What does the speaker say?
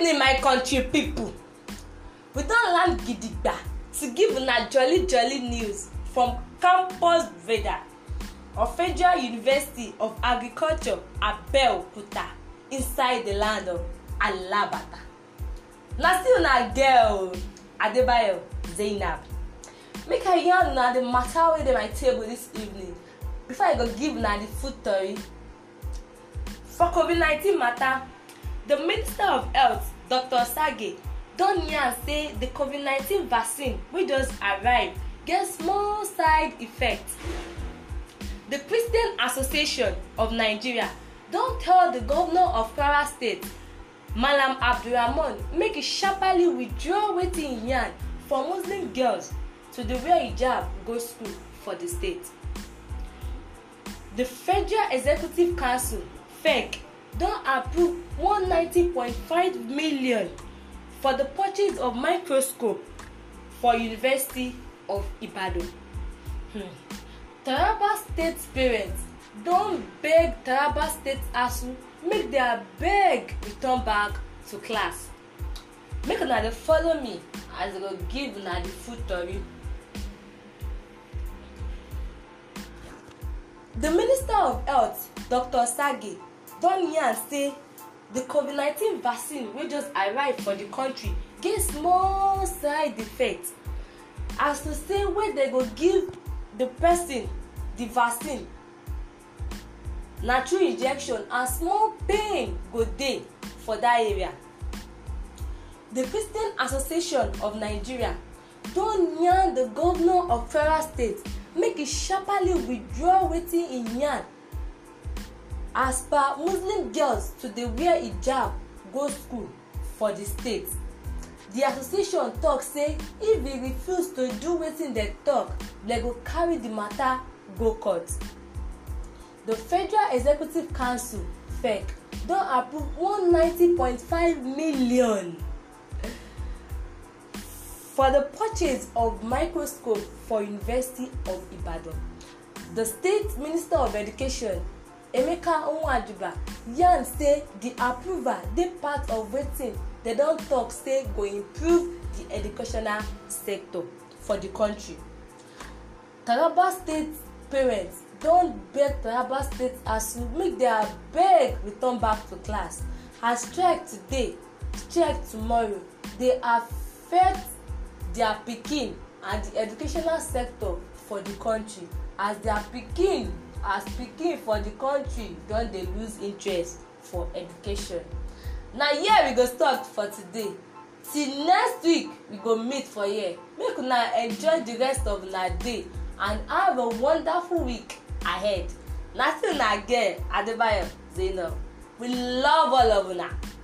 evening my country people, we don land gidigba to give una jolly jolly news from campus veda of federal university of agriculture abeokuta inside the land of alabata na still na girl adebayo zainab make i yarn una the matter wey dey my table this evening before i go give una the food tori for covid nineteen matter the minister of health dr sage don yarn say the covid nineteen vaccine wey just arrive get small side effect the christian association of nigeria don tell the governor of kwara state malam abdulrahman make e sharparly withdraw wetin e yarn for muslim girls to dey wear hijab go school for di state. di federal executive council fec don approve one ninety point five million for the purchase of microscope for university of ibadan hmm. taraba state parents don beg taraba state asu make their beg return back to class make una dey follow me as i go give una the full tori. the minister of health dr Sagi don yarn say the covid-19 vaccine wey just arrive for the country get small side effect as to say wey dey go give the person the vaccine na through injection and small pain go dey for that area the christian association of nigeria don yarn the governor of Federal state make e sharply withdraw wetin e yarn as per muslim girls to dey wear hijab go school for di state di association tok say if we refuse to do wetin dem tok dem go carry di mata go court the federal executive council fec don approve one ninety point five million for the purchase of microscope for university of ibadan the state minister of education emeka nwajiba yarn say di approval dey part of wetin dem don tok say go improve di educational sector for di kontri taraba state parents don beg taraba state asu make dem beg return back to class as strike today strike tomorrow dey affect dia pikin and di educational sector for di kontri as dia pikin as pikin for di kontri don dey lose interest for education na here we go stop for today till next week we go meet for here make una enjoy the rest of una day and have a wonderful week ahead na still na girl adebayo zainab we love all of una.